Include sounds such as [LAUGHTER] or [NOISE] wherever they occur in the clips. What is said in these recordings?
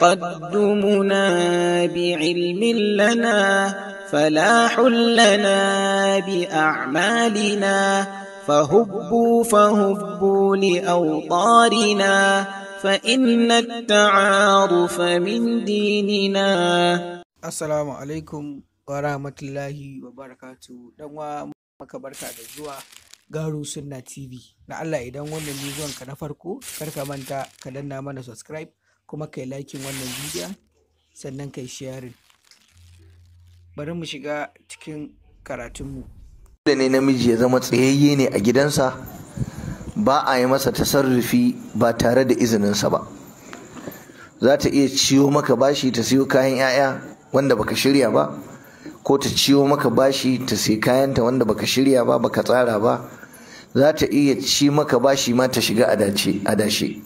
قدمنا بعلم لنا فلاح لنا بأعمالنا فهبوا فهبوا لأوطارنا فإن التعارف من ديننا السلام عليكم ورحمة الله وبركاته دعوة مكبركة الزواج Garu Sunna TV. Na Allah idan wannan bidiyon ka na farko, kar manta ka danna mana subscribe kuma kai likin wannan bidiyon sannan kai sharing bari mu shiga cikin karatunmu da ne namiji ya zama tsayayye ne a gidansa ba a yi masa tasarrufi ba tare da izininsa ba za ta iya ciwo maka bashi ta siyo kayan 'ya'ya wanda baka shirya ba ko ta ciwo maka bashi ta sai kayanta wanda baka shirya ba baka tsara ba za ta iya ci maka bashi ma ta shiga dashe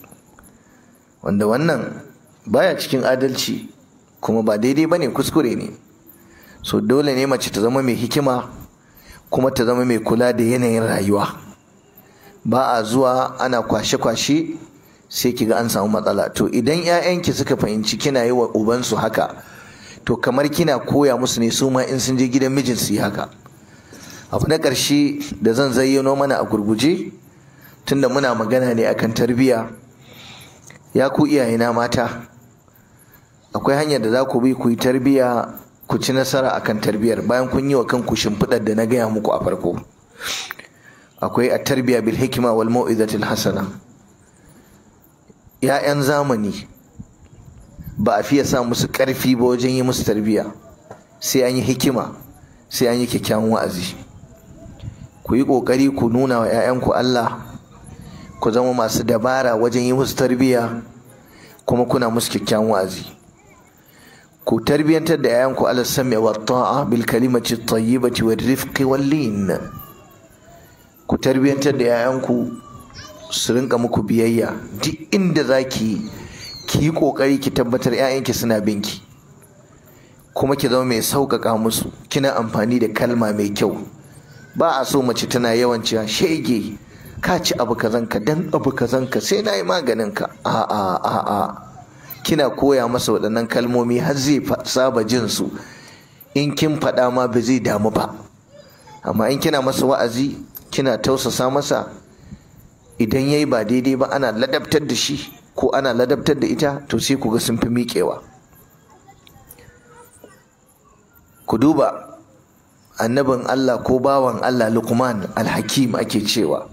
wanda wannan baya cikin adalci kuma ba daidai ba ne kuskure ne so dole ne mace ta zama mai hikima kuma ta zama mai kula da yanayin rayuwa ba a zuwa ana kwashe-kwashe sai ki ga an samu matsala to idan 'ya'yanki suka fahimci kina yi wa ubansu haka to kamar kina koya musu ne su ma in sun je gidan mijin su yi haka abu na ƙarshe da zan zayyano mana a gurguje tunda muna magana ne akan tarbiyya ya ku iyayena mata akwai hanyar da za ku bi ku yi tarbiyya ku ci nasara akan tarbiyyar bayan kun yi wa kan kanku shimfiɗar da na gaya muku a farko akwai a tarbiyya bil hikima wal mau'izatil hasana ya'yan zamani ba a fiye sa musu ƙarfi ba wajen yi musu tarbiyya sai an yi hikima sai an yi kyakkyawan wa'azi ku yi ƙoƙari ku nuna wa 'ya'yanku Allah ku zama masu dabara wajen yi musu tarbiyya kuma kuna musu kyakkyawan wazi ku tarbiyantar da yayanku ala sami wa ta'a bil kalimati tayyibati wa rifqi wal lin ku tarbiyantar da yayanku su rinka muku biyayya duk inda zaki ki yi kokari ki tabbatar yayanki suna binki kuma ki zama mai sauƙaƙa musu kina amfani da kalma mai kyau ba a so mace tana yawan cewa shege ka ci abu kazanka dan abu kazanka sai na yi maganinka a a a a kina koya masa waɗannan kalmomi har zai saba jinsu, in kin faɗa ma ba zai damu ba amma in kina masa wa'azi kina tausasa masa idan yayi ba daidai ba ana ladabtar da shi ko ana ladabtar da ita to sai ku ga sun fi miƙewa ku duba annabin Allah ko bawan Allah lukman alhakim ake cewa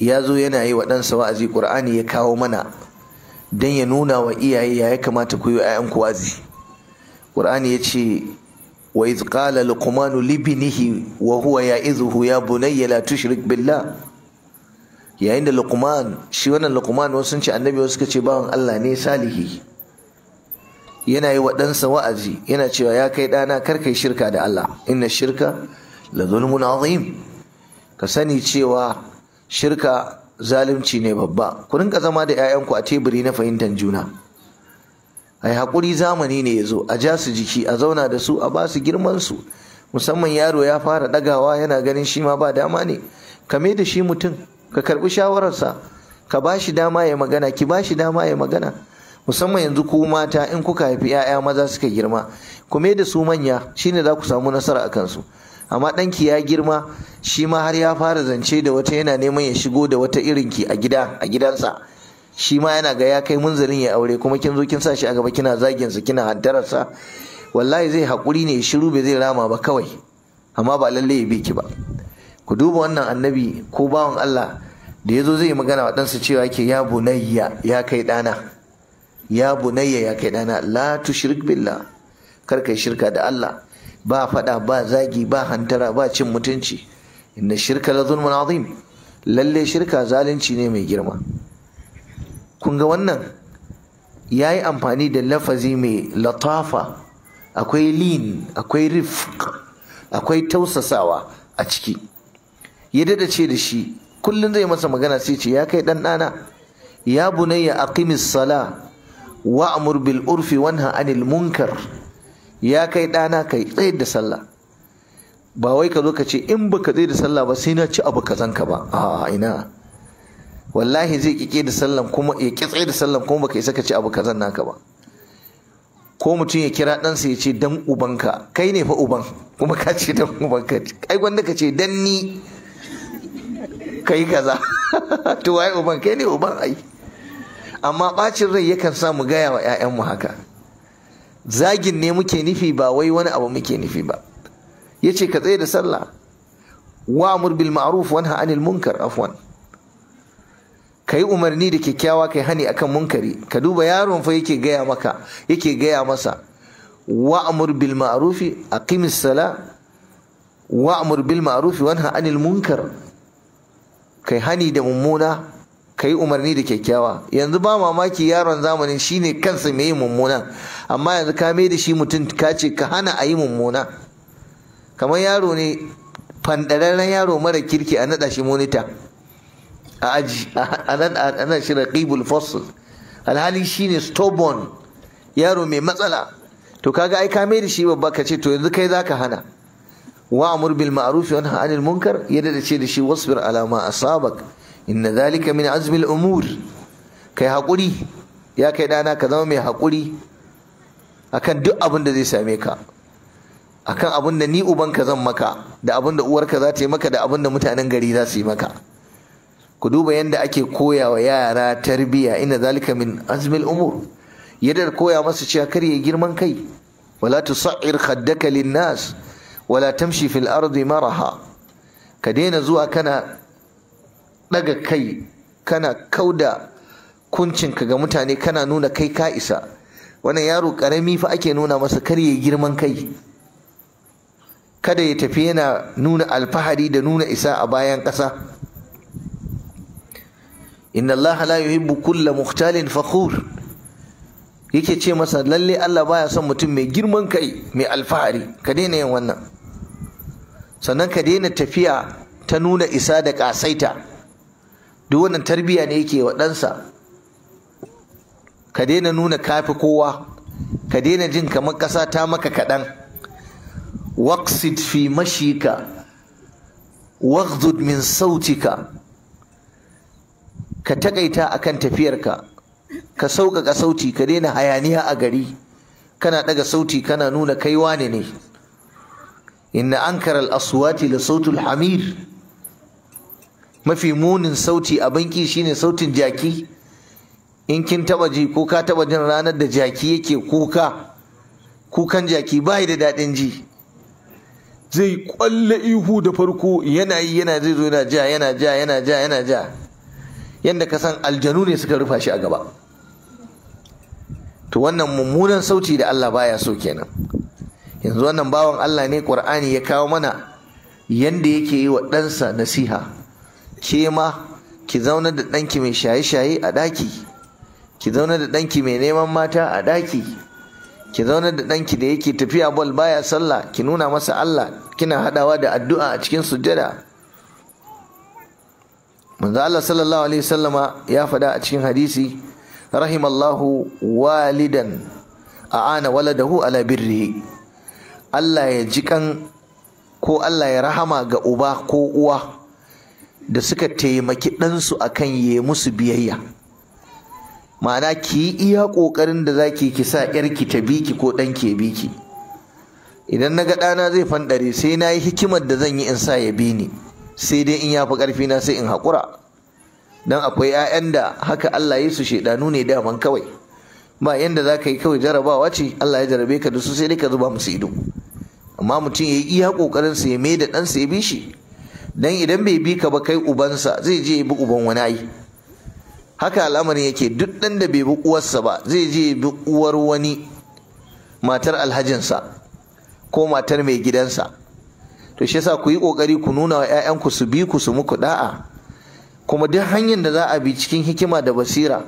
ya zo yana yi wa ɗansa wa'azi ƙur'ani ya kawo mana don ya nuna wa iyaye ya kamata ku yi ‘ya'yan kuwazi ƙur'ani ya ce wa iz qala luqmanu libnihi wa huwa ya'izuhu ya bunayya la tushrik billah yayin da luqman shi wannan luqman wasu sun ce annabi wasu suka ce bawan Allah ne salihi yana yi wa ɗansa wa'azi yana cewa ya kai ɗana kar kai shirka da Allah inna shirka la zulmun azim ka sani cewa shirka zalunci ne babba ku rinka zama da 'ya'yanku a teburi na fahimtar juna ai haƙuri zamani ne ya zo a ja su jiki a zauna da su a ba su girmansu musamman yaro ya fara ɗagawa yana ganin shi ma ba dama ne ka mai da shi mutum ka karɓi shawararsa ka ba shi dama ya magana ki ba shi dama ya magana musamman yanzu ku mata in kuka haifi 'ya'ya maza suka girma ku mai da su manya shine za ku samu nasara a kansu amma ɗanki ya girma shi ma har ya fara zance da wata yana neman ya shigo da wata irinki a gida a gidansa shi ma yana ga ya kai munzalin ya aure kuma kin zo kin sa shi a gaba kina zagin sa kina haddararsa wallahi zai hakuri ne shiru bai zai rama ba kawai amma ba lalle ya biki ba ku duba wannan annabi ko bawan Allah da yazo zo zai magana wa ɗansa cewa ke ya bunayya ya kai ɗana ya bunayya ya kai ɗana la tushrik billah kar kai shirka da Allah ba faɗa, ba zagi ba hantara ba cin mutunci inna shirka la zulmun azim lalle shirka zalunci ne mai girma kun ga wannan ya yi amfani da lafazi mai latafa akwai lin akwai rif, akwai tausasawa a ciki ya dada ce da shi kullum zai masa magana sai ce ya kai dan ɗana ya bunayya aqimis sala wa bil urfi wanha anil munkar ya kai ɗana ka yi tsayin da sallah ba wai ka zo ka ce in ka tsaye da sallah ba sai na ci abu kazan ka ba a ina wallahi zai ƙiƙe da sallah kuma ya ƙi tsaye da sallah kuma baka isa ka ci abu kazan naka ba ko mutum ya kira ɗansa ya ce dan ubanka kai ne fa uban kuma ka ce dan ubanka kai gwanda ka ce dan ni kai kaza [LAUGHS] to wai uban kai ne uban ai amma bacin rai yakan sa mu gaya wa 'ya'yanmu haka zagin ne muke nufi ba wai wani abu muke nufi ba yace ka tsaye da sallah wa'mur bil ma'ruf wanha 'anil munkar afwan kai umarni da kyakkyawa kai hani akan munkari ka duba yaron fa yake gaya maka yake gaya masa wa'mur bil ma'rufi aqimis sala wa'mur bil ma'rufi wanha 'anil munkar kai hani da mummuna ka yi umarni da kyakkyawa yanzu ba mamaki yaron zamanin shine kansa mai mummuna amma yanzu ka mai da shi mutum ka ce ka hana a yi mummuna kamar yaro ne fandararren yaro mara kirki a naɗa shi monita a aji a nan shi raqibul fossil alhali shine stubborn yaro mai matsala to kaga ai ka mai da shi babba ka ce to yanzu kai zaka hana wa amur bil ma'ruf wa nahy anil munkar yadda da ce da shi wasbir alama a asabak inna zalika min azmil umur kai haƙuri ya kai ɗana ka zama mai haƙuri akan duk abin da zai same ka akan abin da ni zan maka da abin da uwarka za ta yi maka da abin da mutanen gari za su yi maka ku duba yadda ake koya wa yara tarbiyya inna zalika min azmil umur yadda koya masa cewa kar ya girman kai wala tusair khaddaka linnas wala tamshi fil ardi maraha ka daina zuwa kana ɗaga kai kana kauda kuncinka ga mutane kana nuna kai ka isa wannan yaro ƙarami fa ake nuna masa kar ya girman kai kada ya tafi yana nuna alfahari da nuna isa a bayan ƙasa inna allaha la yuhibbu kulla muhtalin fakhur yake ce masa lalle Allah baya son mutum mai girman kai mai alfahari ka daina yin wannan sannan ka daina tafiya ta nuna isa da ƙasaita duk wannan tarbiyya ne yake wa ɗansa ka daina nuna kafi kowa ka daina jin kamar ƙasa ta maka kaɗan waksid fi mashika waghdud min sautika ka takaita akan tafiyarka ka sauƙaƙa sauti ka daina hayaniya a gari kana ɗaga sauti kana nuna kaiwa ne ne inna ankara al-aswati da sautul hamir mafi munin sauti a banki shine sautin jaki in kin taba ji ko ka taba jin ranar da jaki yake kuka kukan jaki bai da daɗin ji zai kwalle ihu da farko yana yi yana zai zo yana ja yana ja yana ja yana ja yanda ka san aljanu ne suka rufa shi a gaba to wannan mummunan sauti da Allah baya so kenan yanzu wannan bawan Allah ne Qur'ani ya kawo mana yanda yake yi wa ɗansa nasiha ke ma ki zauna da ɗanki mai shaye-shaye a ɗaki ki zauna da ɗanki mai neman mata a ɗaki ki zauna da ɗanki da yake tafiya bol baya sallah ki nuna masa Allah kina haɗawa da addu'a a cikin sujjada manzo Allah sallallahu alaihi wasallama ya faɗa a cikin hadisi rahimallahu walidan a'ana waladahu ala birrihi Allah ya jikan ko Allah ya rahama ga uba ko uwa da suka taimaki ɗansu a kan ya musu biyayya ma'ana ki yi iya ƙoƙarin da za ki ki sa ƴarki ta biki ko ɗanki ya biki idan na ga ɗana zai fanɗare sai na yi hikimar da zan yi in sa ya bi ni sai dai in ya fi ƙarfi na sai in haƙura dan akwai 'ya'yan da haka Allah ya su shaidanu ne daman kawai ba yanda za ka yi kawai jarabawa ce Allah ya jarabe ka da su sai dai ka zuba musu ido amma mutum ya yi iya ƙoƙarin sa ya mai da ɗansa ya bi shi dan idan bai bi ka ba kai ubansa zai je bi uban wani ai haka al'amarin yake duk dan da bai bi uwarsa ba zai je bi uwar wani matar alhajinsa ko matar mai gidansa to shi yasa ku yi kokari ku nuna wa 'ya'yanku su bi ku su muku da'a kuma duk hanyar da za a bi cikin hikima da basira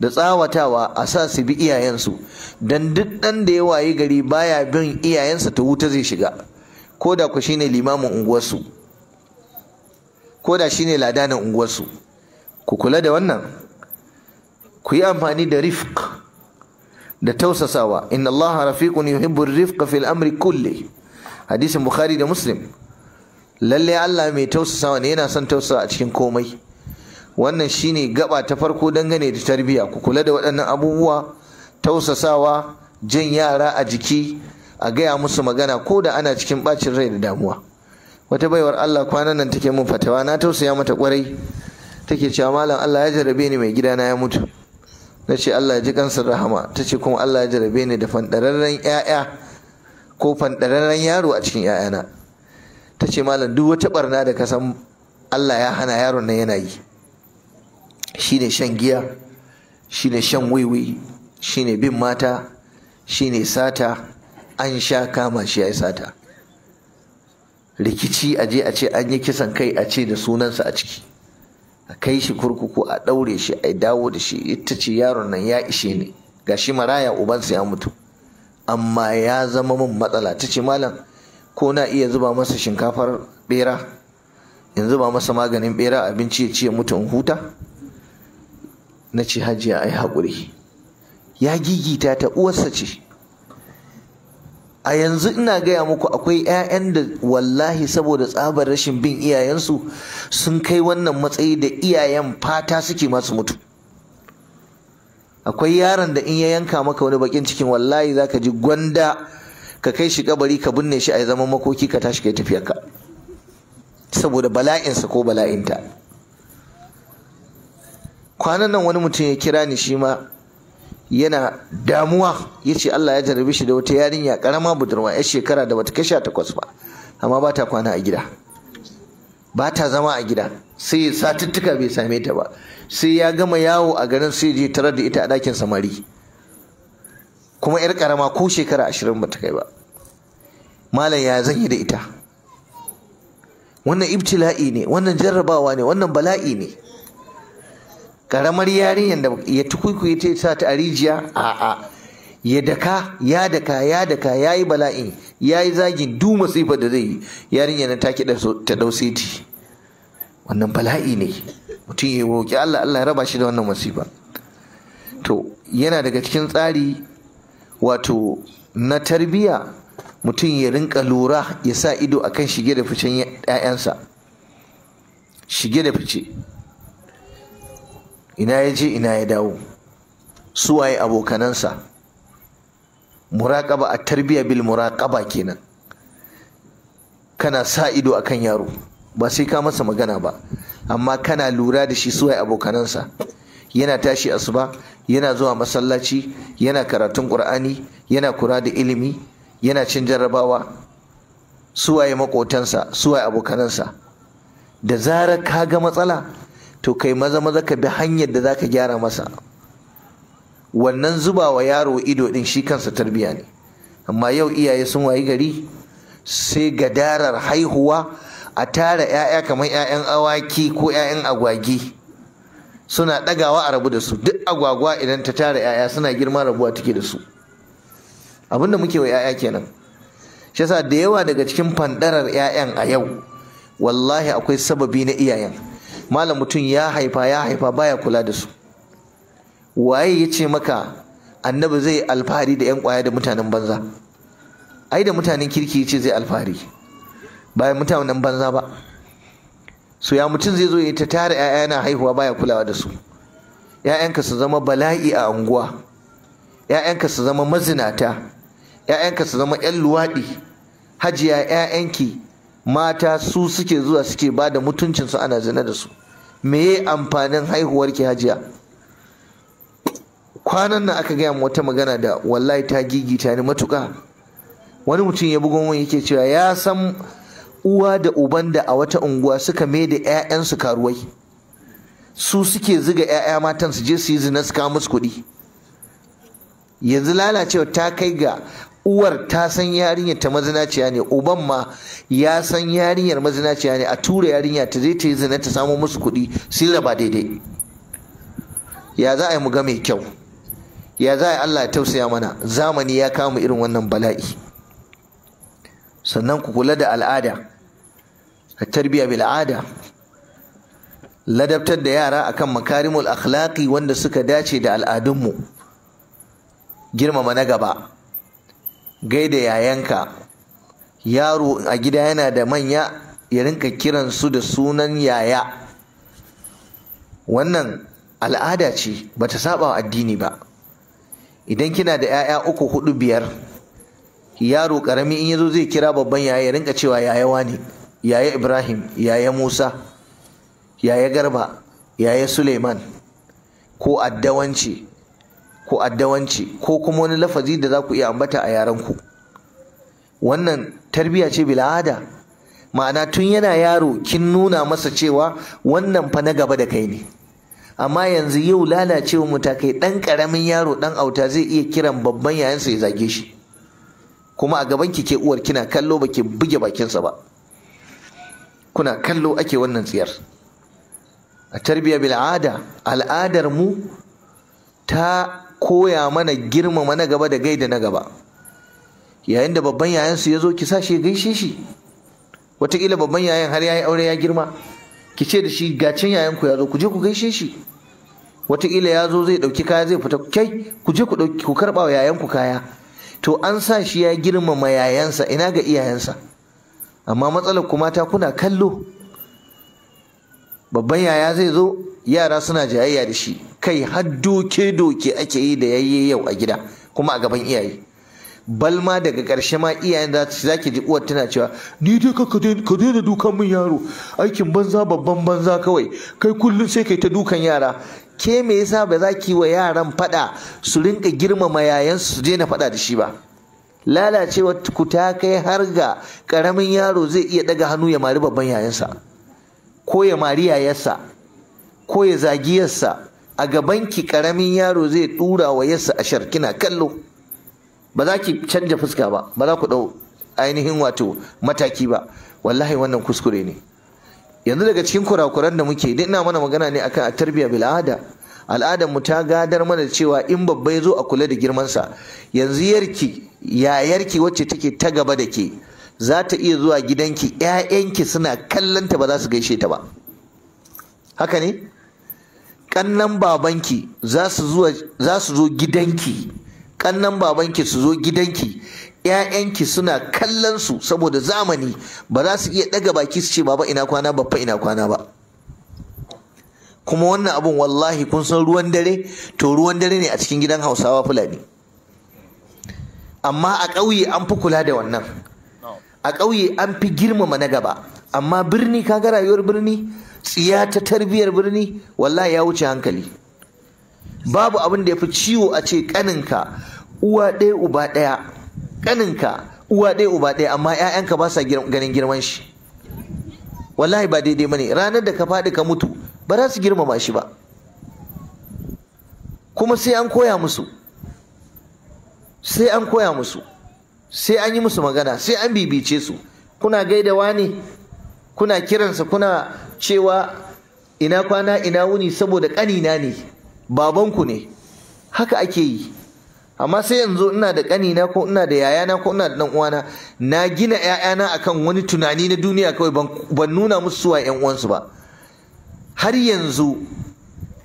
da tsawatawa a sa su bi iyayensu don duk ɗan da ya wayi gari baya bin iyayensa ta wuta zai shiga ko da ku shine limamin unguwarsu ko da shine ladanin unguwarsu ku kula da wannan ku yi amfani da rifk da tausasawa inna allaha rafiqun yuhibbu rifqa fil amri kulli hadisin bukhari da muslim lalle Allah mai tausasawa ne yana son tausasawa a cikin komai wannan shine gaba ta farko dangane da tarbiyya ku kula da waɗannan abubuwa tausasawa jin yara a jiki a gaya musu magana ko da ana cikin bacin rai da damuwa wata baiwar Allah kwanan nan take mun fatawa na tausaya mata kwarai take cewa malam Allah ya jarabe ni mai gidana ya mutu na ce Allah ya ji kansa rahama ta ce kuma Allah ya jarabe ni da fandararren 'ya'ya ko fandararren yaro a cikin 'ya'yana ta ce malam duk wata barna da ka san Allah ya hana yaron nan yana yi shine shan giya shine shan wiwi shine bin mata shine sata an sha kama shi ya yi sata rikici a je a ce an yi kisan kai a ce da sunansa a ciki a kai shi kurkuku a ɗaure shi a dawo da shi ita ce yaron nan ya ishe ne ga shi maraya ubansa ya mutu amma ya zama min matsala ta ce malam ko na iya zuba masa shinkafar bera in zuba masa maganin bera abinci ya ce mutu in huta na ce hajiya ai haƙuri ya gigita ta uwarsa ce a yanzu ina gaya muku akwai 'ya'yan da wallahi saboda tsabar rashin bin iyayensu sun kai wannan matsayi da iyayen fata suke masu mutu akwai yaron da in ya yanka maka wani bakin cikin wallahi za ka ji gwanda ka kai shi kabari ka binne shi a zaman makoki ka tashi kai tafiyarka saboda bala'insa ko bala'inta kwanan nan wani mutum ya kira ni shi ma yana damuwa ya ce Allah ya jarabe shi da wata yarinya karama budurwa yar shekara da wata kasha takwas ba amma ba ta kwana a gida ba ta zama a gida sai satuttuka bai same ta ba sai ya gama yawo a garin sai je tarar da ita a ɗakin samari kuma yar karama ko shekara ashirin ba ta kai ba malam ya zan yi da ita wannan ibtila'i ne wannan jarrabawa ne wannan bala'i ne karamar yarinyar da ya tukuikuyi ta sa ta a rijiya a'a ya daka ya daka ya daka ya yi bala'in ya yi zagin du masifar da zai yi yarinyar nan ta kiɗa ta ɗau siti wannan bala'i ne mutum ya roƙi Allah Allah ya raba shi da wannan masifa to yana daga cikin tsari wato na tarbiya mutum ya rinka lura ya sa ido akan shige da ficen 'ya'yansa shige da fice ina ya je ina ya dawo suwaye abokanansa muraƙaba a tarbiyya bil muraƙaba kenan kana sa ido a kan yaro ba sai ka masa magana ba amma kana lura da shi suwaye abokanansa yana tashi asuba yana zuwa masallaci yana karatun ƙur'ani yana kura da ilimi yana cin jarrabawa suwaye maƙotansa suwaye abokanansa da zarar ka ga matsala to kai maza maza ka bi hanyar da zaka gyara masa wannan zuba wa yaro ido din shi kansa tarbiyya ne amma yau iyaye sun wayi gari sai gadarar haihuwa a tara 'ya'ya kamar 'ya'yan awaki ko 'ya'yan agwagi suna ɗagawa a rabu da su duk agwagwa idan ta tara 'ya'ya suna girma rabuwa take da su Abin da muke wa 'ya'ya kenan shi yasa da yawa daga cikin fandarar 'ya'yan a yau wallahi akwai sababi na iyayen malam mutum ya haifa ya haifa baya kula da su waye ya ce maka annabi zai alfahari da yan kwaya da mutanen banza ai da mutanen kirki ce zai alfahari ba mutanen banza ba Su ya mutum zai zo ya ta tara 'ya'ya na haihuwa baya kulawa da su 'ya'yanka su zama bala'i a unguwa. 'ya'yanka su zama mazinata 'ya'yanka su zama 'yan luwaɗi hajiya 'ya'yanki mata su suke zuwa suke ba da mutuncinsu ana zina da su meye amfanin haihuwar ki hajiya kwanan nan aka gaya wata magana da wallahi ta gigita ni matuka wani mutum ya bugon wani yake cewa ya san uwa da uban da a wata unguwa suka me da 'ya'yansu karuwai su suke ziga 'ya'ya matan su je su yi zina su kawo musu kuɗi yanzu lalacewa ta kai ga uwar ta san yarinyar ta mazinaciya ne uban ma ya san yarinyar mazinaciya ne a tura yarinya ta zai ta yi zina ta samo musu kuɗi sun raba daidai ya za a yi mu ga mai kyau ya za a yi Allah ya tausaya mana zamani ya kama irin wannan bala'i sannan ku kula da al'ada a tarbiya bil al'ada ladabtar da yara akan makarimul akhlaqi wanda suka dace da al'adunmu girmama na gaba gaida yayanka yaro a gida yana da manya ya rinka su da sunan yaya wannan al'ada ce bata saba addini ba idan kina da 'ya'ya uku hudu biyar yaro karami in yazo zai kira babban yaya ya rinka cewa yayawa ne yaya ibrahim yaya musa yaya garba yaya suleiman ko addawanci ko addawanci ko kuma wani lafazi da za ku iya ambata a yarenku wannan tarbiyya ce bil'ada ma'ana tun yana yaro kin nuna masa cewa wannan fa na gaba da kai ne amma yanzu yau lalacewa matakai ɗan ƙaramin yaro ɗan auta zai iya kiran babban yayansa ya zage shi kuma a gaban ki ke uwar kina kallo baki buge bakinsa ba kuna kallo ake wannan tsiyar a tarbiyya bil'ada al'adar mu ta koya mana girmama na gaba da gaida na gaba yayin da babban yayansu ya zo ki sa shi ya gaishe shi wataƙila babban yayan har ya yi aure ya girma ki ce da shi gacin yayan ku ya zo ku je ku gaishe shi wataƙila ya zo zai ɗauki kaya zai fita kai ku je ku ku karɓa wa yayan ku kaya to an sa shi ya girmama yayansa ina ga iyayensa amma matsalar ku mata kuna kallo babban yaya zai zo yara suna jayayya da shi kai har doke doke ake yi da yayye yau a gida kuma a gaban iyaye balma daga ƙarshe ma iyayen za ki ji uwar tana cewa ni dai ka daina dukan min yaro aikin banza babban banza kawai kai kullum sai kai ta dukan yara ke me yasa ba za ki wa yaran fada su rinka girmama yayansu su daina fada da shi ba lalacewar ku ta kai har ga ƙaramin yaro zai iya ɗaga hannu ya mari babban yayansa ko ya mariya yasa ko ya zagi yasa a gabanki karamin yaro zai tura wa yasa a sharkina kallo ba za ki canja fuska ba ba za ku dau ainihin wato mataki ba wallahi wannan kuskure ne yanzu daga cikin kurakuran da muke duk ina mana magana ne akan a tarbiyya bil ada al'adar mu ta gadar mana cewa in babba ya zo a kula da girmansa yanzu yarki yayarki wacce take ta gaba da ke za ta iya zuwa gidanki yayanki suna kallonta ba za su gaishe ta ba haka ne kannan babanki za su zo gidanki kannan babanki su zo gidanki yayanki suna kallon su saboda zamani ba za su iya ɗaga baki su ce baba ina kwana fa ina kwana ba kuma wannan abun wallahi kun san ruwan dare to ruwan dare ne a cikin gidan hausawa fulani amma a ƙauye an fi kula da wannan a ƙauye an fi girmama na gaba amma birni kaga rayuwar birni tsiya ta tarbiyyar birni wallahi ya wuce hankali babu abin da ya fi ciwo a ce kaninka uwa ɗaya uba ɗaya kaninka uwa ɗaya uba ɗaya amma 'ya'yanka ba sa ganin girman shi wallahi ba daidai bane ranar da ka faɗi ka mutu ba za su girmama shi ba kuma sai an koya musu sai an koya musu sai an yi musu magana sai an bibice su kuna gaidawa ne? kuna kiransa kuna cewa ina kwana ina wuni saboda ƙanina ne babanku ne haka ake yi amma sai yanzu ina da ƙanina ko ina da yayana ko ina da uwana na gina ‘ya'yana akan wani tunani na duniya kawai ban nuna musu suwa ‘yan uwansu ba har yanzu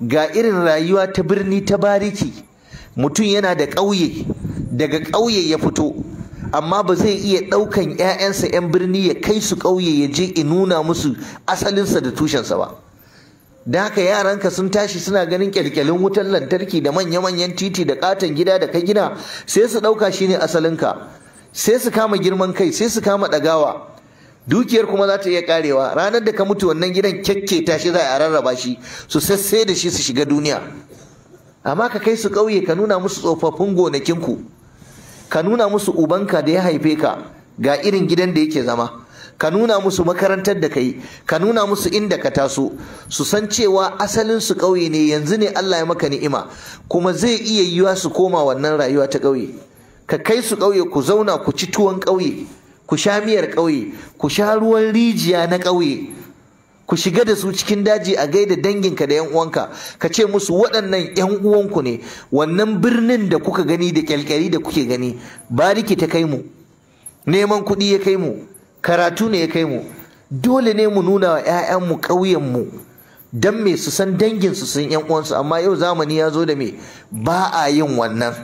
ga irin rayuwa ta birni ta bariki mutum yana da ƙauye daga ƙauye ya fito amma ba zai iya ɗaukan 'ya'yansa 'yan birni ya kai su ƙauye ya je in nuna musu asalinsa da tushensa ba da haka yaranka sun tashi suna ganin kyalkyalin wutar lantarki da manya-manyan titi da katon gida da ka gina sai su ɗauka shi ne asalinka sai su kama girman kai sai su kama ɗagawa dukiyar kuma za ta iya karewa ranar da ka mutu wannan gidan kyakke shi za a rarraba shi su sassai da shi su shiga duniya amma ka kai su ƙauye ka nuna musu tsofaffin gonakinku ka nuna musu ubanka da ya haife ka ga irin gidan da yake zama ka nuna musu makarantar da kai ka nuna musu inda ka taso su san cewa asalin su ƙauye ne yanzu ne Allah ya maka ni'ima kuma zai iya yiwa su koma wannan rayuwa ta ƙauye ka kai su ƙauye ku zauna ku ci tuwon ƙauye ku sha miyar ƙauye ku sha ruwan rijiya na ƙauye ku shiga da su cikin daji a gaida danginka da 'yan uwanka ka ce musu waɗannan 'yan uwanku ne wannan birnin da kuka gani da kyalkyali da kuke gani bariki ta kai mu neman kuɗi ya kai mu karatu ne ya kai mu dole ne mu nuna wa 'ya'yanmu ƙauyenmu don me su san dangin su sun 'yan uwansu amma yau zamani ya zo da me ba a yin wannan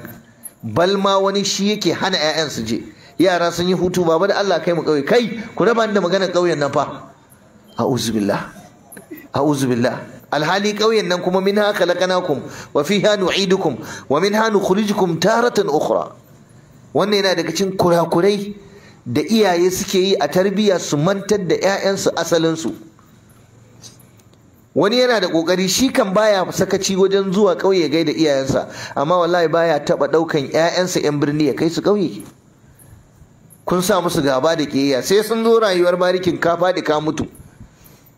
balma wani shi yake hana 'ya'yan su je yara sun yi hutu baba da Allah kai mu ƙauye kai ku raba da maganar ƙauyen nan fa a'uzubillah a'uzubillah alhali ƙauyen nan kuma minha khalaqnakum wa hannu nu'idukum wa minha nukhrijukum taratan ukura wannan yana daga cikin kurakurai da iyaye suke yi a tarbiyya su mantar da 'ya'yansu asalinsu wani yana da ƙoƙari shi kan baya sakaci wajen zuwa ƙauye gaida iyayensa amma wallahi baya taɓa ɗaukan 'ya'yansa 'yan birni ya kai su ƙauye kun sa musu gaba da ƙiyayya sai sun zo rayuwar barikin ka faɗi ka mutu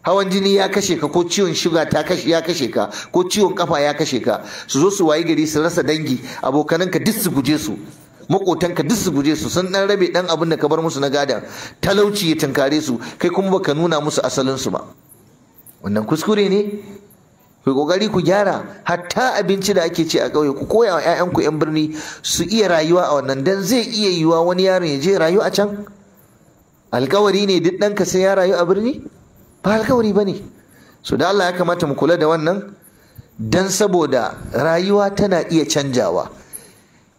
hawan jini ya kashe ka ko ciwon shuga ta kashe ya kashe ka ko ciwon kafa ya kashe ka su zo su wayi gari su rasa dangi abokananka duk su guje su makotanka duk su guje su sun dan rabe dan abin da ka bar musu na gadon, talauci ya tunkare su kai kuma baka nuna musu asalin su ba wannan kuskure ne ku kokari ku gyara hatta abinci da ake ci a ƙauye ku koya wa ƴaƴanku ƴan birni su iya rayuwa a wannan dan zai iya yiwa wani yaron ya je rayu a can alkawari ne duk ɗanka sai ya rayu a birni ba alkawari ba ne so da Allah ya kamata mu kula da wannan dan saboda rayuwa tana iya canjawa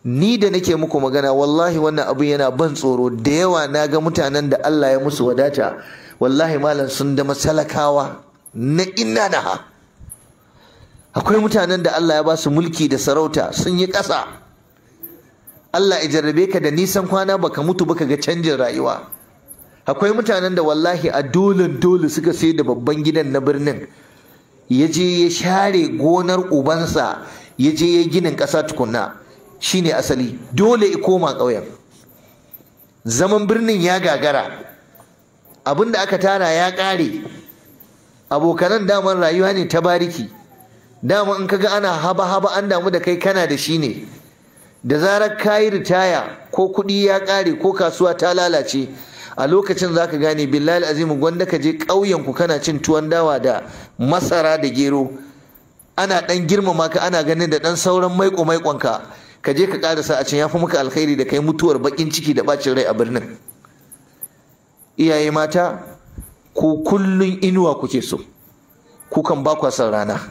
ni da nake muku magana wallahi wannan abu yana ban tsoro da yawa na ga mutanen da Allah ya musu wadata wallahi malam sun da masalakawa na inna na ha akwai mutanen da Allah ya ba su mulki da sarauta sun yi ƙasa Allah ya jarrabe ka da nisan kwana baka mutu baka ga canjin rayuwa akwai mutanen da wallahi a dolin dole suka sai da babban gidan na birnin ya je ya share gonar ubansa ya je ya ginin ƙasa tukunna shine asali dole ya koma ƙauyen zaman birnin ya gagara abin da aka tara ya ƙare abokanan daman rayuwa ne ta bariki dama in kaga ana haba haba an damu da kai kana da shi ne da zarar kayi ritaya ko kuɗi ya ƙare ko kasuwa ta lalace a lokacin zaka gane billahi azimu gwanda ka je ƙauyen ku kana cin tuwon dawa da masara da gero ana ɗan girmama ka ana ganin da ɗan sauran maiƙo-maiƙonka. ka ka je ka karasa a can fi muka alkhairi da kai mutuwar baƙin ciki da bacin rai a birnin iyaye mata ku kullun inuwa kuke so kukan ba kwa rana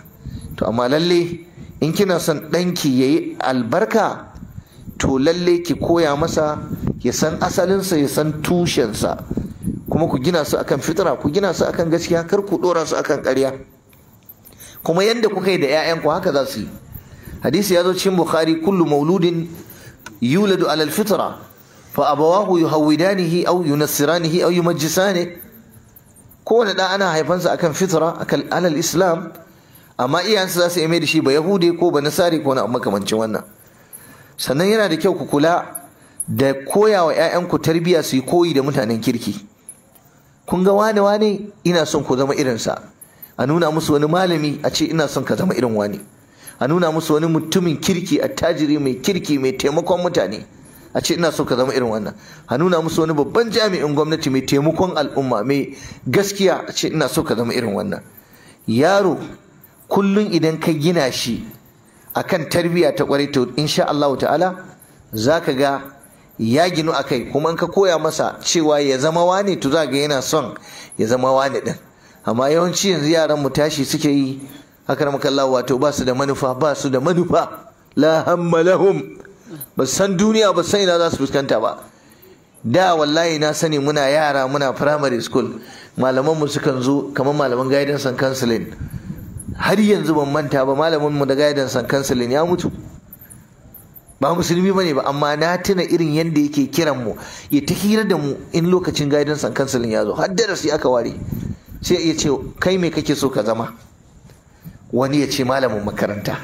to amma lalle in kina son ɗanki yayi albarka to lalle ki koya masa ya san asalinsa ya san tushensa kuma ku gina su akan fitira ku gina su akan gaskiya kar ku dora su akan ƙarya kuma yadda kuka yi da 'ya'yanku haka za su yi hadisi ya zo cikin bukhari kullu mauludin yuladu alal fitra fa abawahu yuhawidanihi aw yunassiranihi aw yumajjisani kowane da ana haifansa akan fitra akan alal islam amma iyayensa za su yi mai da shi ba yahude ko ba nasari ko na makamancin wannan sannan yana da kyau ku kula da koyawa 'ya'yanku tarbiyya su yi koyi da mutanen kirki kun ga wane wane ina son ku zama irinsa a nuna musu wani malami a ce ina son ka zama irin wane a nuna musu wani mutumin kirki attajiri mai kirki mai taimakon mutane a ce ina so ka zama irin wannan a nuna musu wani babban jami'in gwamnati mai taimakon al'umma mai gaskiya a ce ina so ka zama irin wannan yaro kullum idan ka gina shi akan tarbiyya ta kwarai to insha Allah ta'ala za ka ga ya ginu kai kuma in ka koya masa cewa ya zama wane to za ga yana son ya zama wane din amma yawanci yanzu yaran mu tashi suke yi akramaka Allah wato ba su da manufa ba su da manufa la hamma lahum ba san duniya ba san ina za su fuskanta ba da wallahi na sani muna yara muna primary school malaman mu sukan zo kamar malaman guidance and counseling har yanzu ban manta ba malamin mu da gaidan san kansilin ya mutu ba musulmi bane ba amma na tuna irin yadda yake kiran mu ya ta hira da mu in lokacin gaidan san kansilin ya zo har darasi aka ware sai ya ce kai me kake so ka zama wani ya ce malamin makaranta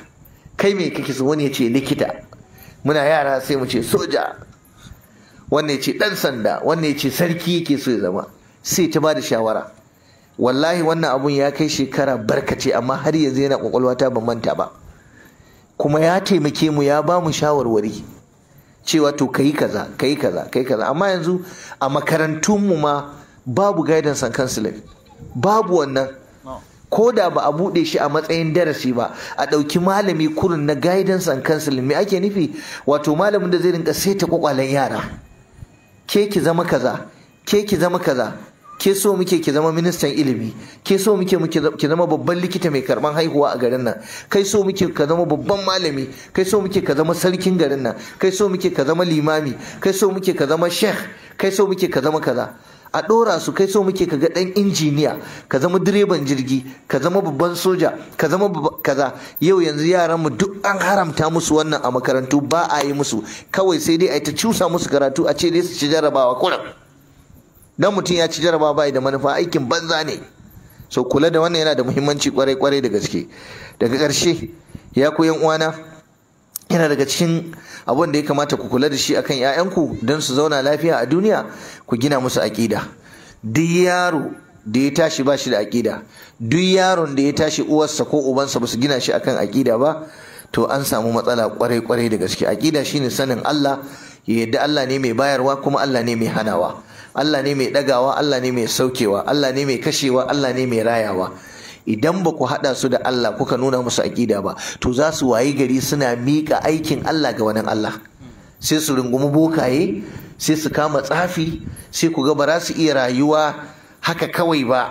kai me kake so wani ya ce likita muna yara sai mu ce soja wannan ya ce dan sanda wannan ya ce sarki yake so ya zama sai ta ba da shawara wallahi wannan abun ya kai shekara barkace amma har yanzu yana kwakwalwata ban manta ba kuma ya taimake mu ya ba mu shawarwari cewa to kai kaza kai kaza kai kaza amma yanzu a makarantun mu ma babu guidance and counseling babu wannan ko da ba a bude shi a matsayin darasi ba a ɗauki malami kurin na guidance and counseling me ake nufi wato malamin da zai rinka saita kwakwalen yara ke ki zama kaza ke ki zama kaza ke so muke ki zama ministan ilimi ke so muke ki zama babban likita mai karban haihuwa a garin nan kai so muke ka zama babban malami kai so muke ka zama sarkin garin nan kai so muke ka zama limami kai so muke ka zama sheikh kai so muke ka zama kaza a dora su kai so muke ka ga ɗan injiniya ka zama direban jirgi ka zama babban soja ka zama kaza yau yanzu yaran mu duk an haramta musu wannan a makarantu ba a yi musu kawai sai dai a ta cusa musu karatu a ce dai su ci jarabawa kuram dan mutum ya ci jaraba bai da manufa aikin banza ne so kula da wannan yana da muhimmanci kwarai kwarai da gaske daga ƙarshe ya ku yan uwana yana daga cikin abin da ya kamata ku kula da shi akan 'ya'yanku don su zauna lafiya a duniya ku gina musu aƙida duk yaro da ya tashi ba shi da aƙida duk yaron da ya tashi uwarsa ko ubansa ba su gina shi akan aƙida ba to an samu matsala kwarai kwarai da gaske aƙida shine sanin Allah ya yadda Allah ne mai bayarwa kuma Allah ne mai hanawa Allah ne mai ɗagawa Allah ne mai saukewa Allah ne mai kashewa Allah ne mai rayawa idan ba ku haɗa su da Allah kuka nuna musu aƙida ba to za su wayi gari suna miƙa aikin Allah ga wani Allah sai su rungumi bokaye sai su kama tsafi sai ku ga ba za su iya rayuwa haka kawai ba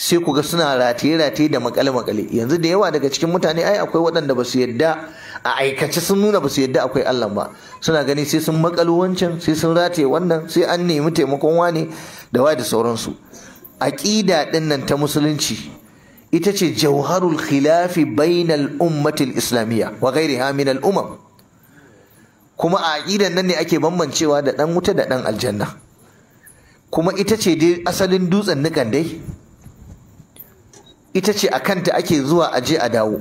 sai ku ga suna rataye-rataye da makale-makale yanzu da yawa daga cikin mutane ai akwai waɗanda ba su yadda a aikace sun nuna ba su yadda akwai Allah ba suna gani sai sun makalo wancan sai sun rataye wannan sai an nemi taimakon wane da wa da sauransu aqida din nan ta musulunci ita ce jawharul khilafi bainal ummatil islamiyya wa ghairiha min al umam kuma a aqidan nan ne ake bambancewa da dan wuta da dan aljanna kuma ita ce dai asalin dutsen nukan dai ita ce a kanta ake zuwa a je a dawo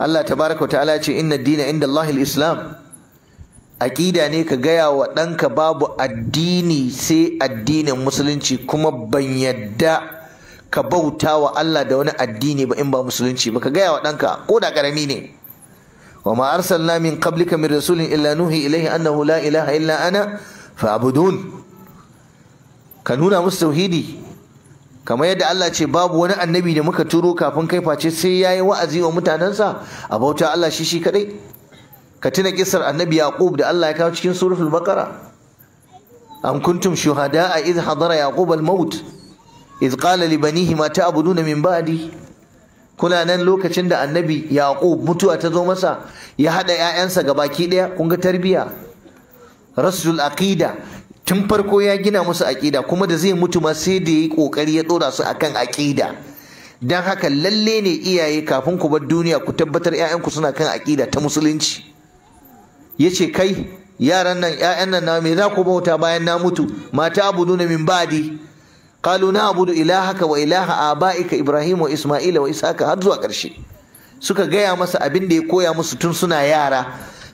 Allah tabaraka ta'ala ce inna dina inda Allahil Islam aqida ne ka gaya wa ɗanka babu addini sai addinin musulunci kuma ban yadda ka bauta wa Allah da wani addini ba in ba musulunci ba ka gaya wa ɗanka ko da ƙarami ne wa ma arsalna min qablika min rasulin illa nuhi ilaihi annahu la ilaha illa ana fa'budun ka nuna musu tauhidi kamar yadda Allah ce babu wani annabi da muka turo kafin kai face sai yayi wa'azi wa mutanensa a bauta Allah shi shi kadai ka tuna kisar annabi yaqub da Allah ya kawo cikin suratul baqara am kuntum a id hadara yaqub al maut id qala li banihi ma ta'buduna min ba'di kuna nan lokacin da annabi yaqub mutuwa ta zo masa ya hada ƴaƴansa gabaki ɗaya, kun ga tarbiya rasul aqida tun farko ya gina musu aƙida kuma da zai mutu ma sai da ya yi ƙoƙari ya ɗora su akan aƙida don haka lalle ne iyaye kafin ku bar duniya ku tabbatar 'ya'yanku suna kan aƙida ta musulunci ya ce kai yaran nan 'ya'yan nan na me za ku bauta bayan na mutu mata abu nuna min ba'di qalu na da ilahaka wa ilaha aba'ika ibrahim wa Isma'il wa Isaka har zuwa ƙarshe suka gaya masa abin da ya koya musu tun suna yara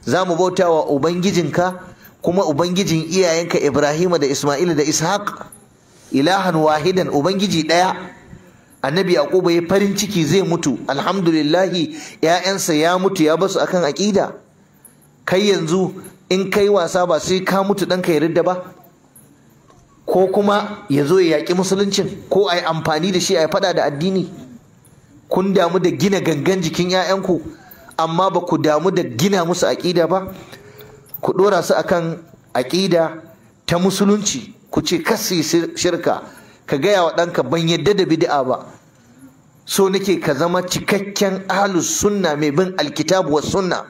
za mu bauta wa ubangijinka kuma ubangijin iyayenka Ibrahima da Isma'il da Ishaq ilahan wahidan ubangiji ɗaya annabi yaquba ya farin ciki zai mutu alhamdulillahi 'ya'yansa ya mutu ya basu akan aƙida kai yanzu in kai wasa ba sai ka mutu ɗanka ya ridda ba ko kuma ya zo ya yaƙi musuluncin ko a amfani da shi a yi faɗa da addini kun damu da gina gangan jikin 'ya'yanku amma ba ku damu da gina musu aƙida ba ku dora su akan aƙida ta musulunci ku ce kasi shirka ka gaya wa ɗanka ban yadda da bid'a ba so nake ka zama cikakken ahlus sunna mai bin alkitabu wa sunna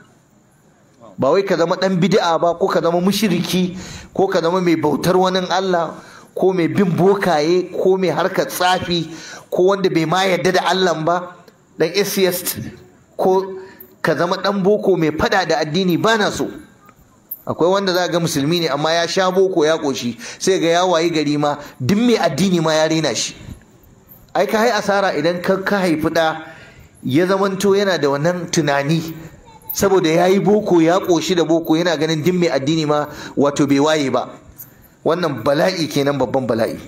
ba wai ka zama ɗan bid'a ba ko ka zama mushiriki ko ka zama mai bautar wani Allah ko mai bin bokaye ko mai harkar tsafi ko wanda bai ma yadda da Allah ba dan atheist ko ka zama ɗan boko mai fada da addini ba na so akwai wanda za ga musulmi ne amma ya sha boko ya koshi sai ga ya wayi gari ma duk mai addini ma ya rena shi ai ka hai asara idan ka ka haifi da ya zamanto yana da wannan tunani saboda ya yi boko ya koshi da boko yana ganin duk mai addini ma wato bai waye ba wannan bala'i kenan babban bala'i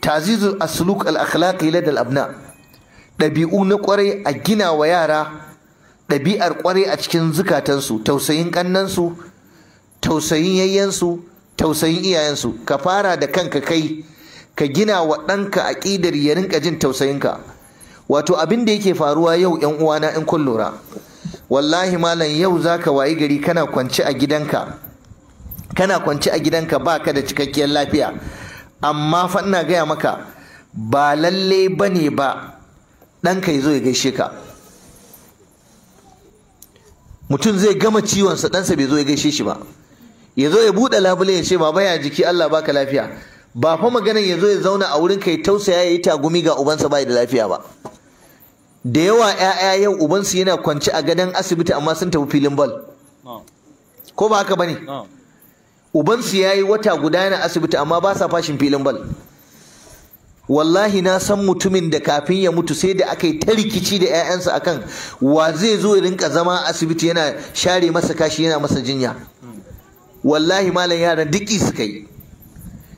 tazizu asluq al-akhlaqi ladal abna Dabi'u na kwarai a gina wa yara ɗabi'ar kwarai a cikin zukatansu tausayin kannansu tausayin yayyansu tausayin iyayensu ka fara da kanka kai ka gina wa ɗanka aƙidar ya rinka jin tausayinka wato abin da yake faruwa yau yan uwana in kun lura wallahi malam yau za ka wayi gari kana kwance a gidanka kana kwanci a gidanka baka da cikakkiyar lafiya amma fa gaya maka ba lalle ba ne ba ɗanka ya zo ya gaishe ka mutum zai gama ciwonsa ɗansa bai zo ya gaishe shi ba ya zo ya buɗe labule ya ce baba ya jiki Allah baka lafiya ba fa maganar ya zo ya zauna a wurin kai tausaya ya yi tagumi ga ubansa bai da lafiya ba da yawa ƴaƴa yau ubansu yana kwance a gadon asibiti amma sun tafi filin bal ko ba haka bane ubansu ya yi wata guda yana asibiti amma ba sa fashin filin bal wallahi na san mutumin da kafin ya mutu sai da aka yi ta rikici da 'ya'yansa akan wa zai zo ya rinka zama asibiti yana share masa kashi yana masa jinya mm. wallahi malam yaran diki suka yi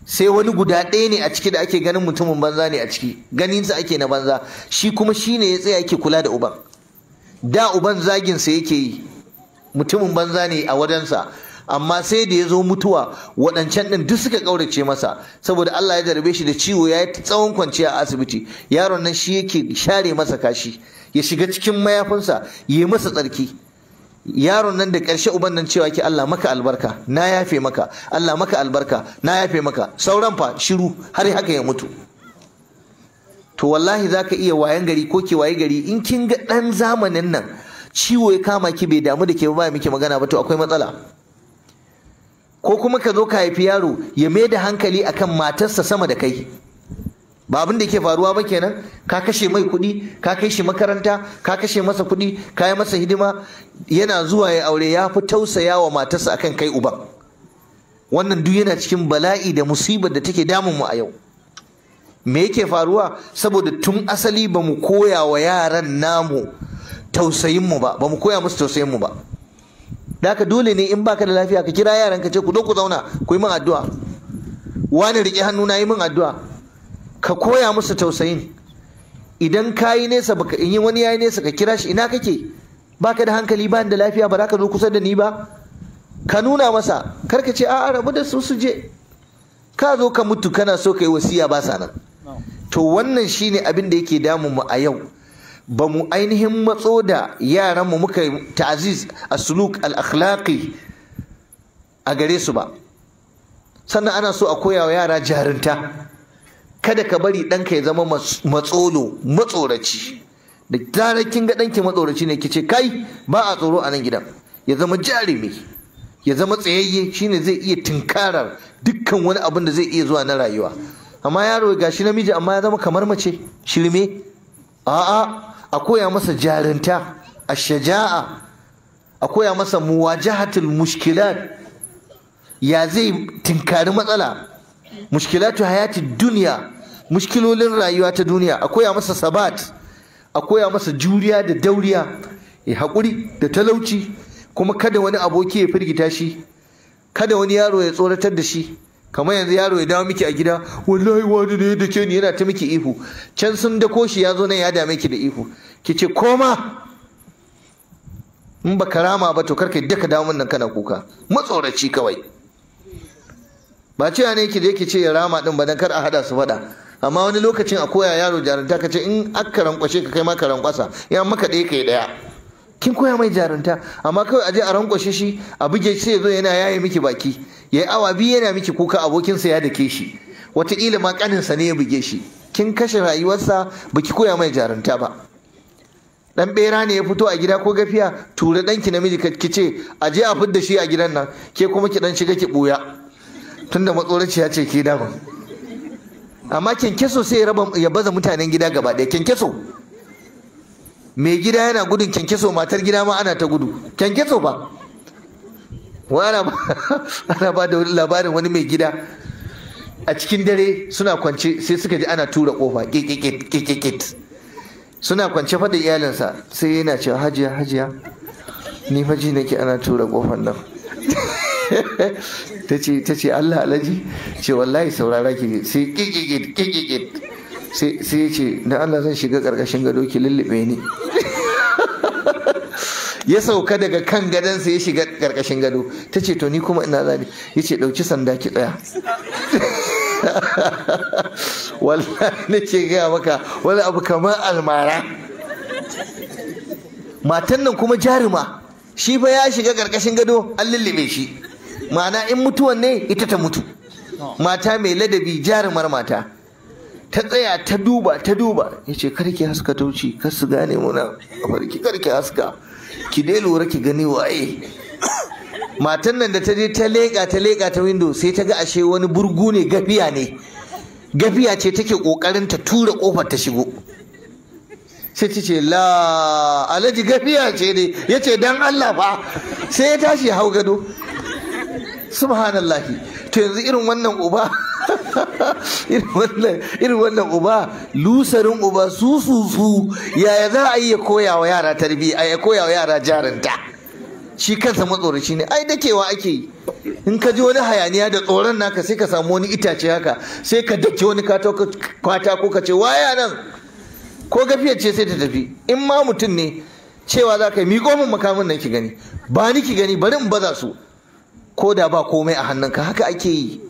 sai wani guda ɗaya ne a ciki da ake ganin mutumin banza ne a ciki ganinsa ake na banza shi kuma shi ne ya tsaya yake kula da uban da uban zaginsa yake yi mutumin banza ne a wajensa amma sai da ya zo mutuwa waɗancan ɗin duk suka ƙaurace masa saboda Allah ya jarabe shi da ciwo ya yi tsawon kwanciya a asibiti yaron nan shi yake share masa kashi ya shiga cikin mayafinsa ya yi masa tsarki yaron nan da ƙarshe uban nan cewa ki Allah maka albarka na yafe maka Allah maka albarka na yafe maka sauran fa shiru har haka ya mutu to wallahi zaka iya wayan gari ko ki waye gari in kin ga ɗan zamanin nan ciwo ya kama ki bai damu da ke ba miki magana ba to akwai matsala ko kuma ka zo ka haifi yaro ya mai da hankali akan matarsa sama da kai ba abin da yake faruwa ba kenan ka kashe mai kuɗi ka kai shi makaranta ka kashe masa kuɗi ka yi masa hidima yana zuwa ya aure ya fi tausaya wa matarsa akan kai uban wannan duk yana cikin bala'i da musibar da take damun mu a yau me yake faruwa saboda tun asali ba mu koya wa yaran namu tausayin mu ba ba mu koya musu tausayin mu ba daka dole ne in baka da lafiya ka kira yaran ka ce ku zo ku zauna ku yi min addu'a wani riƙe hannu na yi min addu'a ka koya musu tausayin idan ka yi nesa baka in yi wani yi nesa ka kira shi ina kake baka da hankali ba da lafiya ba za ka zo kusa da ni ba ka nuna masa kar ka ce a rabu da su su je ka zo ka mutu kana so ka yi wasiya ba sa nan to wannan shine abin da yake damu mu a yau ba mu ainihin matso da yaran mu muka ta'aziz a suluk al-akhlaqi a gare su ba sannan ana so a koya wa yara jarinta kada ka bari ɗanka ya zama matsolo matsoraci da zarar kin ga ɗanki matsoraci ne kice kai ba a tsoro a nan gidan ya zama jarumi ya zama tsayayye shine zai iya tunkarar dukkan wani abin da zai iya zuwa na rayuwa amma yaro gashi namiji amma ya zama kamar mace shirme a'a a koya masa jarinta a shaja'a a koya masa muwajahatul mushkilat ya zai tinkari matsala mushkilatu hayati duniya mushkilolin rayuwa ta duniya a koya masa sabat a koya masa juriya da dauriya ya haƙuri da talauci kuma kada wani aboki ya firgita shi kada wani yaro ya tsoratar da shi kamar yanzu yaro ya dawo miki a gida wallahi wani ne da ke ni yana ta miki ihu can sun dako shi ya zo nan ya dame ki da ihu ki ce koma in ba rama ba to kar karka daka dawo nan kana kuka matsoraci kawai ba cewa ne ki je ki ce ya rama din ba dan kar a hada su fada amma wani lokacin a koya yaro jarunta ka ce in aka rankwashe ka kai ma rankwasa ya maka ɗaya kai ɗaya kin koya mai jarunta amma kawai aje a rankwashe shi a buge shi ya zo yana yaye miki baki ya yi awa biyu yana miki kuka abokinsa ya da ke shi wataƙila ma ƙaninsa ne ya buge shi kin kashe rayuwarsa baki koya mai jarunta ba dan bera ne ya fito a gida ko gafiya tura danki namiji ki ce a je a fidda shi a gidan nan ke kuma ki dan shiga ki boya tunda matsoraci ya ce ke dama. amma kyankyaso sai ya raba ya baza mutanen gida gaba ɗaya kyankyaso mai gida yana gudun kyankyaso matar gida ma ana ta gudu kyankyaso ba wani [LAUGHS] ana ba da labarin wani mai gida a cikin dare suna kwance sai suka ji ana tura kofa kikikit suna kwance fada iyalinsa sai yana cewa hajiya hajiya ni faji nake ana tura kofar nan [LAUGHS] [LAUGHS] ta ce Allah alaji ce wallahi saurara ki ne sai kikikit kikikit sai ya ce na Allah zan shiga karkashin gado ki lullube ni [LAUGHS] ya sauka daga kan gadon sai ya shiga karkashin gado ta ce to ni kuma ina ni ya ce ɗauki sanda ki tsaya [LAUGHS] wallahi na ce gaya maka wani abu kamar almara matan nan kuma jaruma shi fa ya shiga karkashin gado an lullube shi ma'ana in mutuwan ne ita ta mutu mata mai ladabi jarumar mata ta tsaya ta duba ta duba ya ce karki haska tauci kar su gane muna a farki karki haska ki dai lura ki gani waye matan nan da ta je ta leƙa ta leƙa ta window sai ta ga ashe wani burgu ne gafiya ne gafiya ce take kokarin ta tura kofar ta shigo sai ta ce la alaji gafiya ce ne ya ce dan Allah fa sai ya tashi hau gado subhanallahi to yanzu irin wannan uba [LAUGHS] irin wannan uba lusarin uba su su su yaya za a yi ya koya wa yara a ya koya wa yara jarinta shi kansa matsoraci ne ai dakewa ake yi in ka ji wani hayaniya da tsoron naka sai ka samu wani itace haka sai ka dake wani kwata ko ka ce waya nan ko gafiyar ce sai ta tafi in ma mutum ne cewa za ka yi miƙo min makamin nan ki gani ba ni ki gani bari in baza su ko da ba komai a hannunka haka ake yi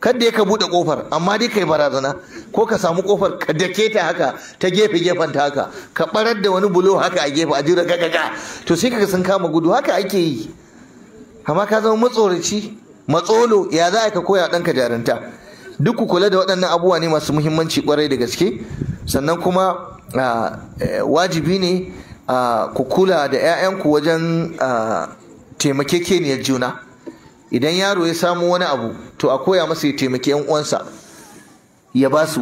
kadda ya ka buɗe ƙofar amma dai kai barazana ko ka samu ƙofar ka dake ta haka ta gefe gefen ta haka ka barar da wani bulo haka a gefe a jira gagaga to sai kaga sun kama gudu haka ake yi amma ka zama matsoraci matsolo ya za ka koya ɗanka jarinta duk ku kula da waɗannan abubuwa ne masu muhimmanci kwarai da gaske sannan kuma e, wajibi ne ku kula da 'ya'yanku wajen taimakekeniyar juna idan yaro ya samu wani abu to a koya masa ya taimaki yan uwansa ya ba su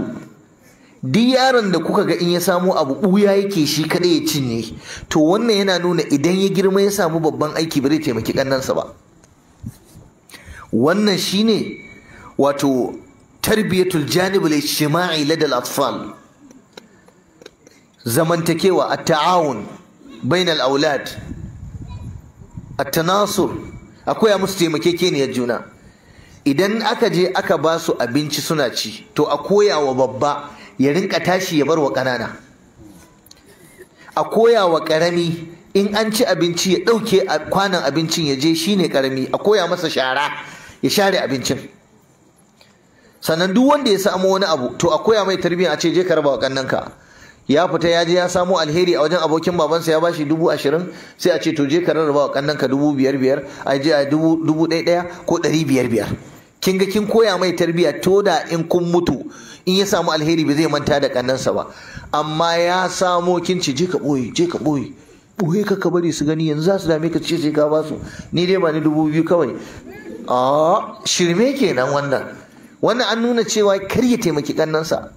duk yaron da kuka ga in ya samu abu buya yake shi kadai ya cinye to wannan yana nuna idan ya girma ya samu babban aiki ba zai taimaki ƙannansa ba wannan shine wato tarbiyatul janibul ijtima'i ladal atfal zamantakewa at-ta'awun bainal aulad at-tanasur a koya musu taimakekeniyar juna idan aka je aka ba su abinci suna ci to a koya wa babba ya rinka tashi ya bar wa ƙanana a koya wa ƙarami in an ci abinci ya ɗauke kwanan abincin ya je shine ƙarami a koya masa shara ya share abincin sannan duk wanda ya samu wani abu to a koya mai tarbiyyar a ce je ka raba wa ƙannanka ya fita ya je ya samu alheri a wajen abokin babansa ya bashi dubu ashirin sai a ce to je ka rarraba wa ka dubu biyar biyar a je a dubu ɗaya ɗaya ko ɗari biyar biyar kin ga kin koya mai tarbiyya to da in kun mutu in ya samu alheri ba zai manta da kannansa ba amma ya samo kin ce je ka ɓoye je ka ɓoye ɓoye ka ka bari su gani yanzu za su dame ka ce sai ka basu ni dai ba ni dubu biyu kawai a shirme kenan wannan wannan an nuna cewa kar ya taimaki kannansa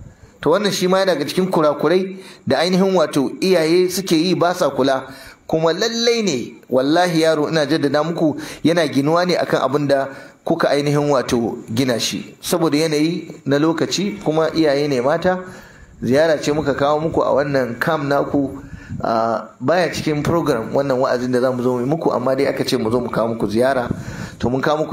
to wannan shi ma yana ga cikin kurakurai da ainihin wato iyaye suke yi ba sa kula kuma lallai ne wallahi yaro ina jaddada muku yana ginuwa ne akan abin da kuka ainihin wato gina shi saboda yanayi na lokaci kuma iyaye ne mata ziyara ce muka kawo muku a wannan kam naku baya cikin program wannan wa'azin da za mu zo muku amma dai aka ce mu zo mu kawo muku ziyara to mun kawo